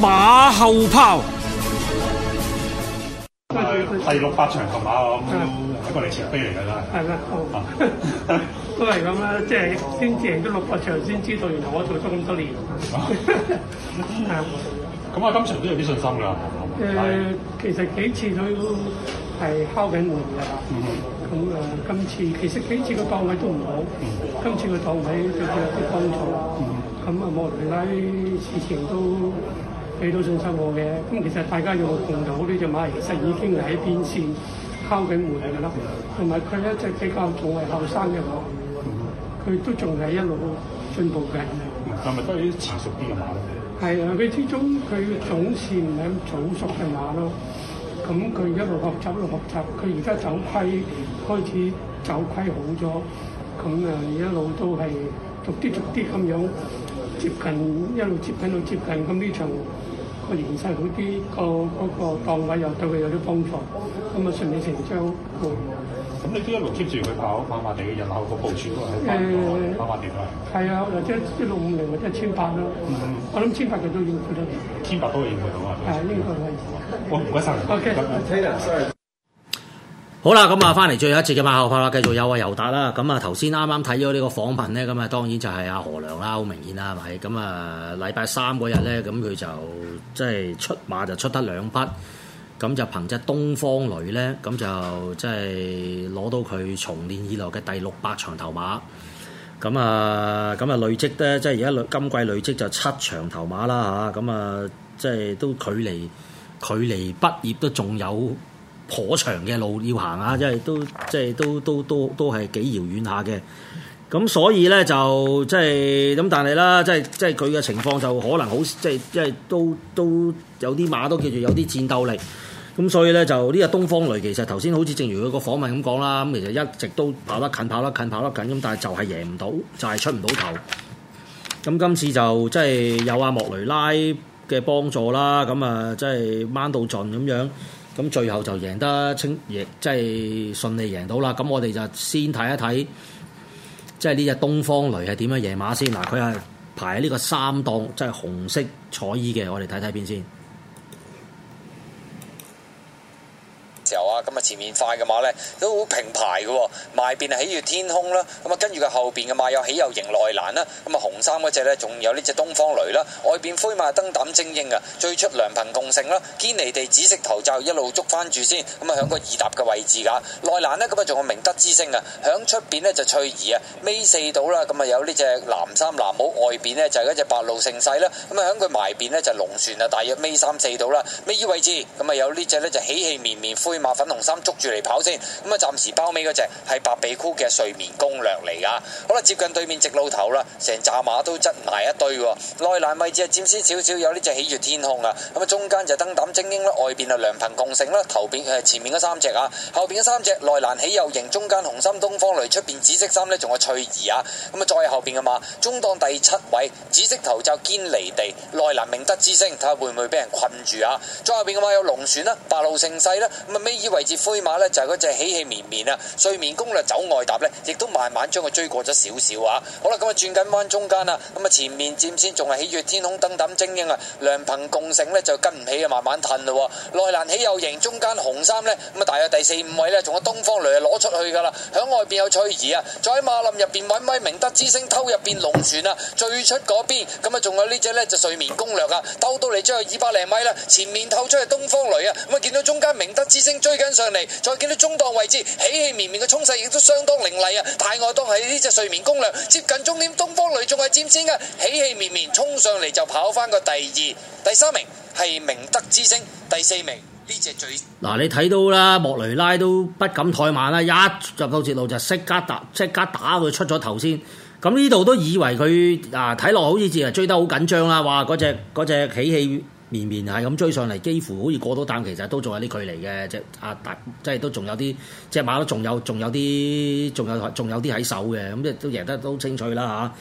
馬後炮第六百場，同馬咁都係一個嚟，前飛嚟噶啦，係啦，都係咁啦，即係先至贏咗六百場先知道，原來我做咗咁多年，咁啊今場都有啲信心噶，誒，其實幾次佢都係敲緊門嘅，咁誒今次其實幾次嘅檔位都唔好，今次嘅檔位都有啲幫助，咁啊莫雷拉事前都。俾到信心我嘅，咁其實大家有冇見到呢隻馬？其實已經係喺邊線敲緊門嚟噶啦，同埋佢一隻比較仲係後生嘅馬，佢都仲係一路進步嘅。係咪、嗯、都係啲遲熟啲嘅馬咧？係啊，佢始終佢總線唔係早熟嘅馬咯。咁佢一路學習，一路學習。佢而家走規開始走規好咗，咁啊一路都係逐啲逐啲咁樣接近，一路接近到接近咁呢場。形個形勢好啲，個個檔位又對佢有啲幫助，咁啊順理成章。咁、嗯、你都一路接住佢跑，馬馬地嘅人口個部署都係馬馬地啊。係啊，或者一六五零或者一千八咯。嗯，我諗千八佢都應付得。千八都應付到啊。係應該可以。我唔該晒。OK，謝謝。好啦，咁啊，翻嚟最後一節嘅馬後炮啦，繼續有啊尤達啦。咁啊，頭先啱啱睇咗呢個訪問咧，咁啊，當然就係阿何良啦，好明顯啦，係咪吧？咁啊，禮拜三嗰日咧，咁佢就即係出馬就出得兩匹，咁就憑隻東方雷咧，咁就即係攞到佢從練以來嘅第六百場頭馬。咁啊，咁啊，累積咧，即係而家今季累積就七場頭馬啦吓。咁啊，即係都距離距離畢業都仲有。頗長嘅路要行啊，即係都即係都都都都係幾遙遠下嘅。咁所以咧就即係咁，但係啦，即係即係佢嘅情況就可能好，即係即係都都有啲馬都叫做有啲戰鬥力。咁所以咧就呢個東方雷其實頭先好似正如佢個訪問咁講啦，咁其實一直都跑得近，跑得近，跑得近，咁但係就係贏唔到，就係、是、出唔到頭。咁今次就即係有阿、啊、莫雷拉嘅幫助啦，咁啊即係掹到盡咁樣。咁最後就贏得清贏，即係順利贏到啦。咁我哋就先睇一睇，即係呢隻東方雷係點樣贏馬先。嗱，佢係排喺呢個三檔，即係紅色彩衣嘅。我哋睇睇邊先。前面快嘅馬呢，都好平排嘅，哦，外邊係喜悅天空啦，咁啊跟住佢後邊嘅馬有喜又型內欄啦，咁啊紅衫嗰隻呢，仲有呢隻東方雷啦，外邊灰馬燈膽精英啊，最出良朋共勝啦，堅尼地紫色頭罩一路捉翻住先，咁啊喺個二搭嘅位置噶，內欄呢，咁啊仲有明德之星啊，響出邊呢就翠怡啊，尾四到啦，咁啊有呢隻藍衫藍帽外邊呢就有一隻白露盛世啦，咁啊響佢埋邊呢就龍船啊，大約尾三四到啦，尾二位置咁啊有呢隻呢就喜氣綿綿，綿灰馬粉紅衫。捉住嚟跑先，咁啊暫時包尾嗰隻係白鼻箍嘅睡眠攻略嚟噶。好啦，接近對面直路頭啦，成紮馬都擠埋一堆。內欄位置啊，佔先少少，有呢隻起住天空啊。咁啊中間就燈膽精英啦，外邊啊良朋共勝啦，頭邊誒前面嗰三隻啊，後邊嗰三隻內欄起又型，中間紅心東方雷，出邊紫色衫呢，仲有翠兒啊。咁啊再後邊嘅馬中檔第七位，紫色頭罩堅離地，內欄明德之星，睇下會唔會俾人困住啊？再後邊嘅馬有龍船啦，白露盛世啦，咁啊尾以位黑馬呢就係嗰隻喜氣綿綿啊，睡眠攻略走外搭，呢，亦都慢慢將佢追過咗少少啊！好啦，咁啊轉緊彎中間啦，咁、嗯、啊前面佔先仲係喜悅天空燈膽精英啊，良朋共醒呢就跟唔起啊，慢慢褪咯、啊。內欄喜又型，中間紅衫呢，咁、嗯、啊，大約第四五位呢，仲有東方雷啊攞出去噶啦，響外邊有翠怡啊，再喺馬林入邊搵米明德之星偷入邊龍船啊，最出嗰邊咁啊，仲、嗯、有呢隻呢，就睡眠攻略啊，兜到嚟將有二百零米啦，前面透出去，東方雷啊，咁、嗯、啊見到中間明德之星追緊上嚟。再見到中檔位置喜氣綿綿嘅衝勢亦都相當凌厲啊！大外檔係呢隻睡眠攻略，接近終點，東方雷成仲係尖尖嘅喜氣綿綿衝上嚟就跑翻個第二、第三名係明德之星，第四名呢隻最嗱、啊、你睇到啦，莫雷拉都不敢怠慢啦，一入到捷路就即刻打即刻打佢出咗頭先，咁呢度都以為佢啊睇落好似似係追得好緊張啦，話嗰隻嗰隻喜氣綿綿係咁追上嚟，幾乎好似過到啖，其實都仲有啲距離嘅。即係、啊、大，即係都仲有啲，即係馬都仲有，仲有啲，仲有仲有啲喺手嘅。咁即都贏得都清脆啦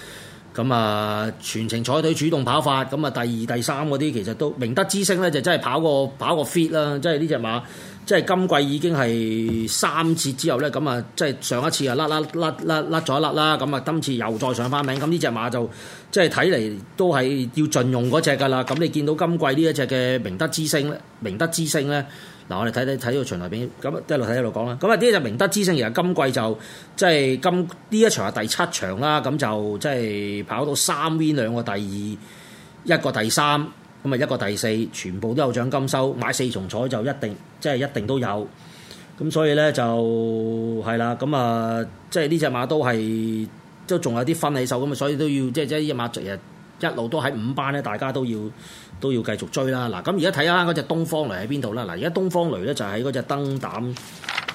吓，咁啊，全程採取主動跑法，咁啊第二、第三嗰啲其實都明德之星咧，就真係跑個跑個 fit 啦，即係呢隻馬。即係今季已經係三次之後咧，咁啊，即係上一次啊甩了甩了甩甩甩咗一甩啦，咁啊今次又再上翻名，咁呢隻馬就即係睇嚟都係要盡用嗰隻㗎啦。咁你見到今季呢一隻嘅明德之星咧，明德之星咧，嗱我哋睇睇睇個場內邊，咁一路睇一路講啦。咁啊呢隻明德之星其實今季就即係今呢一場係第七場啦，咁就即係跑到三 win 兩個第二一個第三。咁啊一個第四，全部都有獎金收，買四重彩就一定，即係一定都有。咁所以咧就係啦，咁啊即係呢隻馬都係即仲有啲分離手咁啊，所以都要即係即係呢隻馬逐日一路都喺五班咧，大家都要都要繼續追啦。嗱，咁而家睇下嗰隻東方雷喺邊度啦？嗱，而家東方雷咧就喺嗰隻燈膽。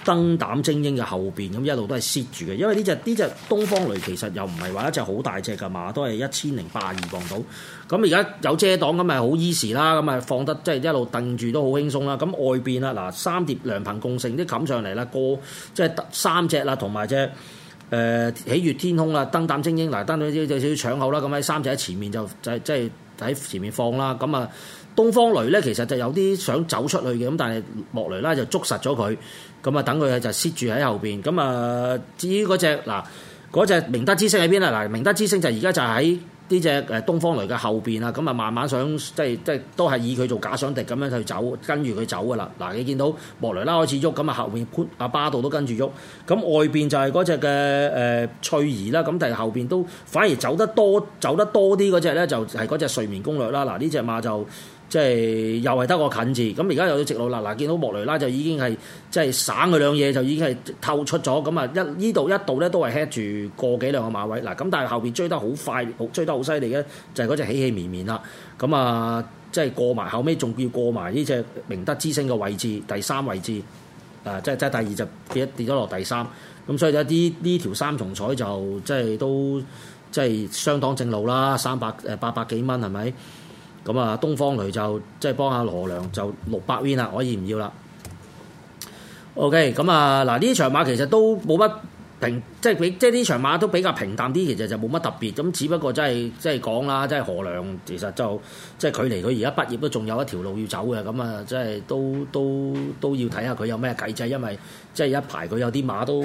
燈膽精英嘅後邊，咁一路都係蝕住嘅，因為呢隻呢隻東方雷其實又唔係話一隻好大隻嘅嘛，都係一千零八二磅到。咁而家有遮擋咁咪好 easy 啦，咁咪放得即係、就是、一路蹬住都好輕鬆啦。咁外邊啦，嗱三碟良朋共性，啲冚上嚟啦，過即係得三隻啦，同埋隻。誒、呃、喜悅天空啦，燈膽精英嗱、呃，登到、呃、少少搶口啦，咁喺三仔喺前面就就即係喺前面放啦，咁啊東方雷咧其實就有啲想走出去嘅，咁但係莫雷咧就捉實咗佢，咁啊等佢就 sit 住喺後邊，咁啊至於嗰隻嗱嗰隻明德之星喺邊啊？嗱明德之星就而家就喺。呢隻誒東方雷嘅後邊啊，咁啊慢慢想即係即係都係以佢做假想敵咁樣去走跟住佢走㗎啦。嗱，你見到莫雷拉開始喐，咁啊後邊潘阿巴度都跟住喐，咁外邊就係嗰隻嘅誒翠兒啦。咁但係後邊都反而走得多走得多啲嗰隻咧，就係嗰隻睡眠攻略啦。嗱，呢隻馬就。即係又係得個近字，咁而家有咗直路啦，嗱，見到莫雷拉就已經係即係省佢兩嘢，就已經係透出咗，咁啊一呢度一度咧都係吃住個幾兩個馬位，嗱，咁但係後邊追得好快，追得好犀利嘅就係嗰隻喜氣綿綿啦，咁啊即係過埋後尾，仲要過埋呢隻明德之星嘅位置，第三位置，啊，即係即係第二就跌跌咗落第三，咁所以有啲呢條三重彩就即係都即係相當正路啦，三百誒八百幾蚊係咪？是。咁啊，東方雷就即係幫下何良就六百 win 啦，可以唔要啦。OK，咁啊，嗱，呢場馬其實都冇乜平，即係比即係呢場馬都比較平淡啲，其實就冇乜特別。咁只不過真係即係講啦，即係何良其實就即係距離佢而家畢業都仲有一條路要走嘅。咁啊，即係都都都要睇下佢有咩計制，因為即係一排佢有啲馬都。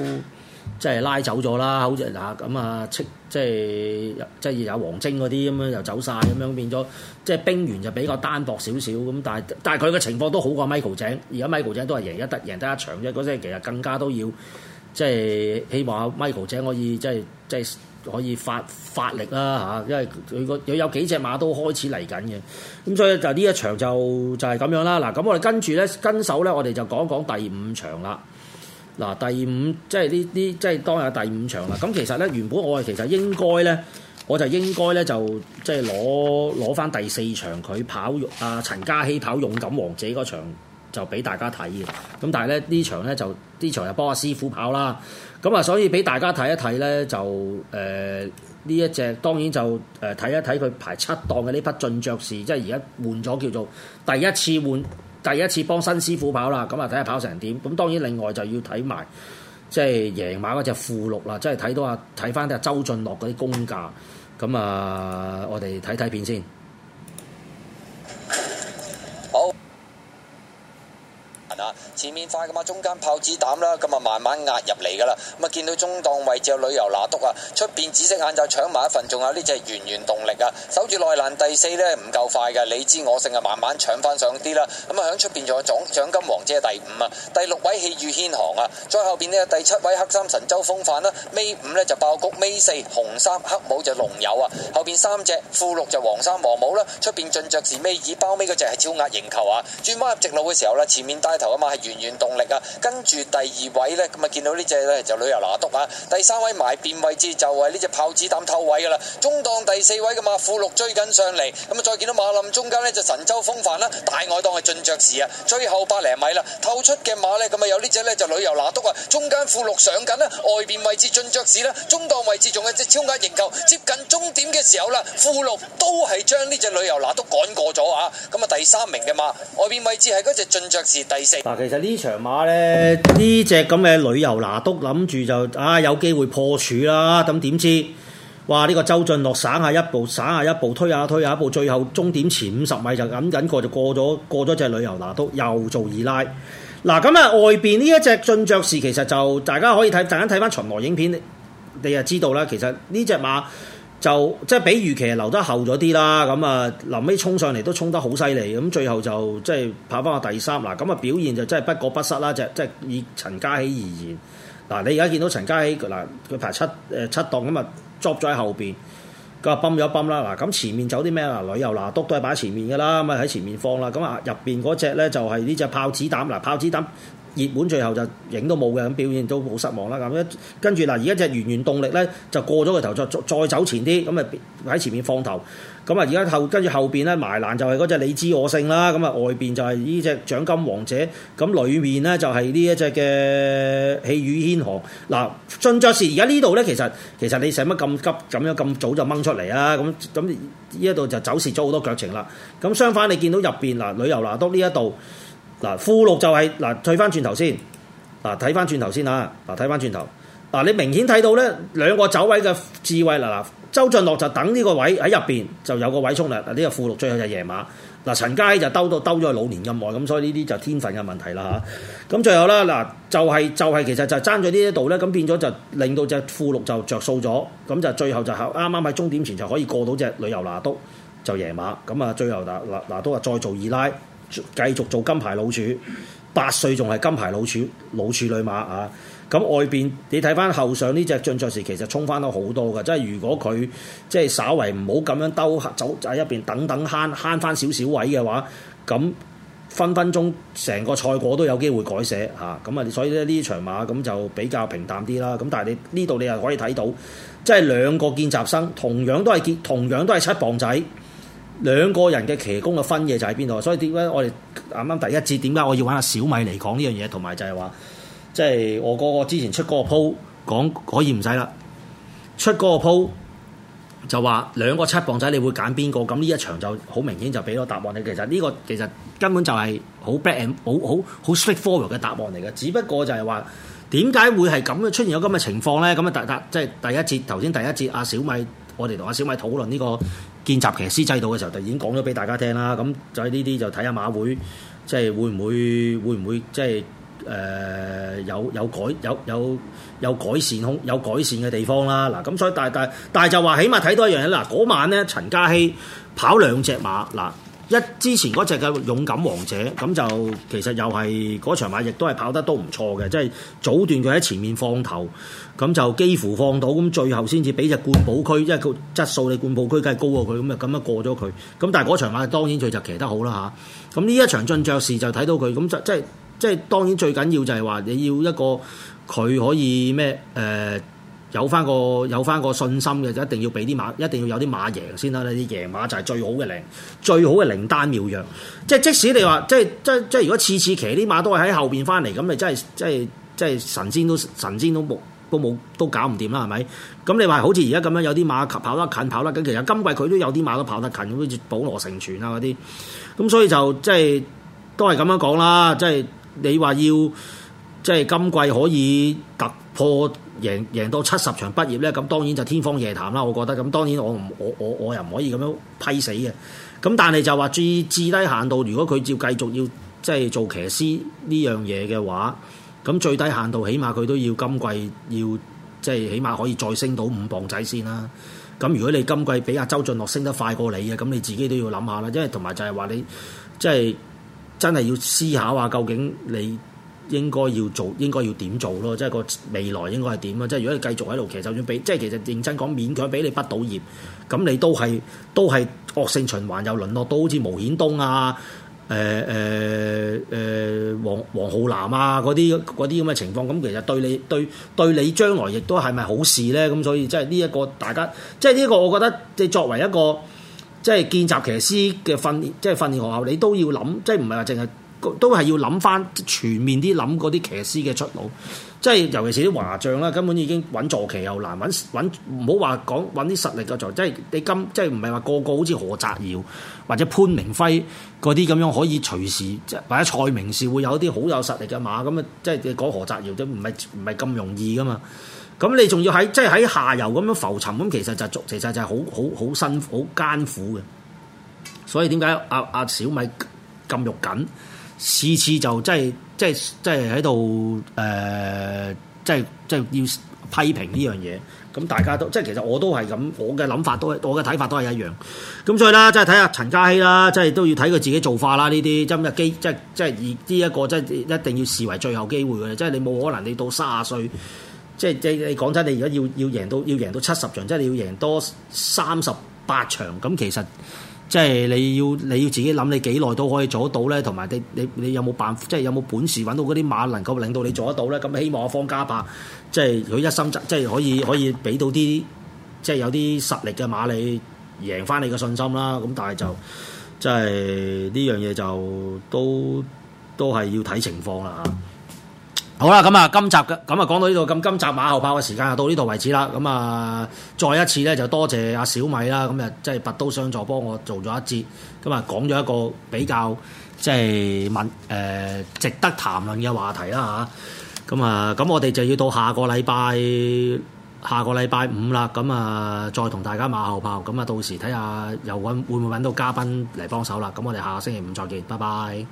即係拉走咗啦，好似嗱咁啊，即係即係有黃晶嗰啲咁樣又走晒，咁樣變咗即係兵員就比較單薄少少咁，但係但係佢嘅情況都好過 Michael 井。而家 Michael 井都係贏一得，贏得一場啫。嗰陣其實更加都要即係希望 Michael 井可以即係即係可以發發力啦嚇，啊，因為佢個佢有幾隻馬都開始嚟緊嘅。咁所以就呢一場就就係咁樣啦。嗱，咁我哋跟住咧跟手咧，我哋就講講第五場啦。嗱，第五即係呢啲，即係當日第五場啦。咁其實咧，原本我係其實應該咧，我就應該咧就即係攞攞翻第四場佢跑啊陳嘉熙跑勇敢王者嗰場就俾大家睇嘅。咁但係咧呢場咧就呢場又幫阿師傅跑啦。咁啊，所以俾大家睇一睇咧就誒呢、呃、一隻當然就誒睇、呃、一睇佢排七檔嘅呢匹進爵士，即係而家換咗叫做第一次換。第一次幫新師傅跑啦，咁啊睇下跑成點。咁當然另外就要睇埋即係贏馬嗰隻富祿啦，即係睇到啊睇翻啊周俊樂嗰啲功架。咁啊，我哋睇睇片先。前面快噶嘛，中間炮子膽啦，咁啊慢慢壓入嚟噶啦，咁啊見到中檔位置有旅遊拿督啊，出邊紫色眼罩搶埋一份，仲有呢隻圓圓動力啊，守住內欄第四咧唔夠快噶，你知我勝啊，慢慢搶翻上啲啦，咁啊喺出邊仲有獎獎金王即係第五啊，第六位氣宇軒昂啊，再後邊呢，第七位黑衫神州風範啦，尾五咧就爆谷，尾四紅衫黑帽就龍友啊，後邊三隻富六就黃衫黃帽啦，出邊進著是尾二包尾嘅就係超壓型球啊，轉彎入直路嘅時候咧，前面帶頭。啊係源源動力啊！跟住第二位呢，咁啊見到呢隻呢，就是、旅遊拿督啊！第三位埋邊位置就係呢隻豹子膽透位噶啦，中檔第四位嘅馬富祿追緊上嚟，咁、嗯、啊再見到馬林中間呢，就是、神州風範啦、啊，大外檔係駿爵士啊，最後百零米啦、啊，透出嘅馬呢，咁、嗯、啊有呢隻呢，就是、旅遊拿督啊，中間富祿上緊啦，外邊位置駿爵士啦，中檔位置仲有隻超級贏球，接近終點嘅時候啦，富祿都係將呢隻旅遊拿督趕過咗啊！咁、嗯、啊第三名嘅馬，外邊位置係嗰隻駿爵士第四。嗱，其實呢場馬呢，呢隻咁嘅旅遊拿督諗住就啊有機會破處啦，咁點知，哇呢、這個周俊樂省下一步，省下一步推下推下一,一步，最後終點前五十米就咁緊過，就過咗過咗隻旅遊拿督又做二奶。嗱、啊，咁啊外邊呢一隻駿爵士，其實就大家可以睇，大家睇翻巡邏影片，你就知道啦，其實呢隻馬，就即係比預期留得厚咗啲啦，咁啊臨尾衝上嚟都衝得好犀利，咁最後就即係跑翻個第三嗱，咁啊表現就真係不過不失啦，就即係以陳嘉熙而言嗱，你而家見到陳嘉熙嗱，佢排七誒七檔，咁啊捉咗喺後邊，佢話泵咗泵啦嗱，咁前面走啲咩啊旅遊嗱，都都係擺喺前面噶啦，咁啊喺前面放啦，咁啊入邊嗰隻咧就係呢隻炮子彈嗱，炮子彈。熱門最後就影都冇嘅，咁表現都好失望啦咁。一跟住嗱，而家隻圓圓動力咧就過咗個頭，再再走前啲，咁啊喺前面放頭。咁啊，而家後跟住後邊咧埋欄就係嗰隻你知我姓啦。咁啊外邊就係呢隻獎金王者，咁裏面咧就係呢一隻嘅氣宇軒昂。嗱，進爵士，而家呢度咧，其實其實你使乜咁急咁樣咁早就掹出嚟啊？咁咁呢一度就走蝕咗好多腳程啦。咁相反你見到入邊嗱旅遊嗱都呢一度。嗱，富祿就係、是、嗱，退翻轉頭先，嗱睇翻轉頭先嚇，嗱睇翻轉頭，嗱你明顯睇到咧兩個走位嘅智慧，嗱嗱，周俊樂就等呢個位喺入邊就有個位衝啦，呢、這個富祿最後就贏馬，嗱陳嘉熙就兜到兜咗老年咁耐，咁所以呢啲就天分嘅問題啦嚇。咁最後啦，嗱就係、是、就係、是就是、其實就爭咗呢一度咧，咁變咗就令到隻富祿就着數咗，咁就最後就啱啱喺終點前就可以過到隻旅遊拿督就贏馬，咁啊最後拿拿拿督啊再做二奶。繼續做金牌老處，八歲仲係金牌老處，老處女馬啊！咁、嗯、外邊你睇翻後上呢隻進賽時，其實衝翻咗好多嘅，即係如果佢即係稍為唔好咁樣兜走喺入邊等等慳慳翻少少位嘅話，咁分分鐘成個賽果都有機會改寫嚇。咁啊，所以咧呢場馬咁就比較平淡啲啦。咁、嗯、但係你呢度你又可以睇到，即係兩個見習生同樣都係結，同樣都係七磅仔。兩個人嘅騎功嘅分野就喺邊度？所以點解我哋啱啱第一節點解我要揾阿小米嚟講呢樣嘢？同埋就係話，即係我個個之前出嗰個鋪講可以唔使啦，出嗰個鋪就話兩個七磅仔你會揀邊個？咁呢一場就好明顯就俾咗答案。你其實呢個其實根本就係好 black and 好好好 straightforward 嘅答案嚟嘅。只不過就係話點解會係咁樣出現咗咁嘅情況咧？咁啊，第即係第一節頭先第一節阿小米，我哋同阿小米討論呢個。見習騎師制度嘅時候，就已經講咗俾大家聽啦。咁在呢啲就睇下馬會，即係會唔會會唔會即係誒有有改有有有改善空有改善嘅地方啦。嗱，咁所以但係但但係就話起碼睇到一樣嘢啦。嗰晚咧，陳嘉熙跑兩隻馬嗱。一之前嗰隻嘅勇敢王者，咁就其實又係嗰場馬亦都係跑得都唔錯嘅，即係早段佢喺前面放頭，咁就幾乎放到，咁最後先至俾隻冠寶區，因為佢質素你冠寶區梗係高過佢，咁就咁樣過咗佢。咁但係嗰場馬當然佢就騎得好啦嚇。咁呢一場進爵士就睇到佢咁即即即當然最緊要就係話你要一個佢可以咩誒？呃有翻個有翻個信心嘅，就一定要俾啲馬，一定要有啲馬贏先得。呢啲贏馬就係最好嘅靈，最好嘅靈丹妙藥。即係即使你話、嗯，即係即係即係，如果次次騎啲馬都係喺後邊翻嚟，咁你真係真係真係神仙都神仙都冇都冇都，都搞唔掂啦，係咪？咁你話好似而家咁樣有啲馬跑得近跑得近，其實今季佢都有啲馬都跑得近，好似保羅成全啊嗰啲。咁所以就即係都係咁樣講啦。即係你話要即係今季可以突破。贏贏到七十場畢業呢，咁當然就天方夜譚啦。我覺得咁，當然我唔我我，我又唔可以咁樣批死嘅。咁但係就話至最，最低限度，如果佢照繼續要即係做騎師呢樣嘢嘅話，咁最低限度起碼佢都要今季要即係起碼可以再升到五磅仔先啦。咁如果你今季比阿周俊樂升得快過你嘅，咁你自己都要諗下啦。因為同埋就係話你即係真係要思考下究竟你。應該要做，應該要點做咯？即係個未來應該係點啊？即係如果你繼續喺度，其實就算俾，即係其實認真講，勉強俾你畢到業，咁你都係都係惡性循環，又淪落到好似毛顯東啊、誒誒誒黃黃浩南啊嗰啲嗰啲咁嘅情況。咁其實對你對對你將來亦都係咪好事咧？咁所以即係呢一個大家，即係呢個我覺得，即你作為一個即係見習騎師嘅訓練即係訓練學校，你都要諗，即係唔係話淨係。都係要諗翻全面啲，諗嗰啲騎師嘅出路，即係尤其是啲華將啦，根本已經揾坐騎又難揾揾，唔好話講揾啲實力嘅坐，即係你今即係唔係話個個好似何澤堯或者潘明輝嗰啲咁樣可以隨時即或者蔡明紹會有啲好有實力嘅馬，咁啊即係你講何澤堯都唔係唔係咁容易噶嘛。咁你仲要喺即係喺下游咁樣浮沉，咁其實就係、其實就係好好好辛苦好艱苦嘅。所以點解阿阿小米咁肉緊？次次就即係即係即係喺度誒，即係即係、呃、要批評呢樣嘢。咁大家都即係其實我都係咁，我嘅諗法都係，我嘅睇法都係一樣。咁所以啦，即係睇下陳嘉熙啦，即係都要睇佢自己做法啦。呢啲真係即係即係呢一個即係一定要視為最後機會嘅。即係你冇可能你到卅歲，即係即係你講真，你而家要要贏到要贏到七十場，即係你要贏多三十八場。咁其實。即係你要你要自己諗，你幾耐都可以做得到呢？同埋你你你有冇辦法？即係有冇本事揾到嗰啲馬能夠令到你做得到呢？咁希望阿方嘉柏即係佢一心即係可以可以俾到啲即係有啲實力嘅馬力贏你贏翻你嘅信心啦。咁但係就即係呢樣嘢就都都係要睇情況啦。好啦，咁啊，今集嘅咁啊，講到呢度咁，今集馬後炮嘅時間就到呢度為止啦。咁啊，再一次咧，就多謝阿小米啦，咁啊，即係拔刀相助，幫我做咗一節，咁啊，講咗一個比較即係搵誒值得談論嘅話題啦吓。咁啊，咁我哋就要到下個禮拜，下個禮拜五啦。咁啊，再同大家馬後炮。咁啊，到時睇下又搵會唔會搵到嘉賓嚟幫手啦。咁我哋下個星期五再見，拜拜。